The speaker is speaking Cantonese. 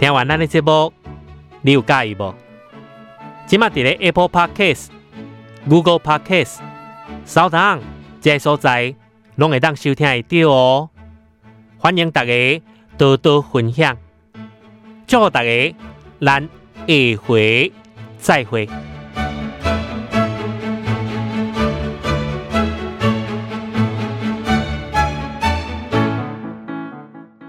聽完咱的節目，你有建議冇？現在喺 Apple Podcast、Google Podcast、SoundOn 這些所在，攏會當收聽得到哦。歡迎大家多多分享，祝大家，咱下回再會。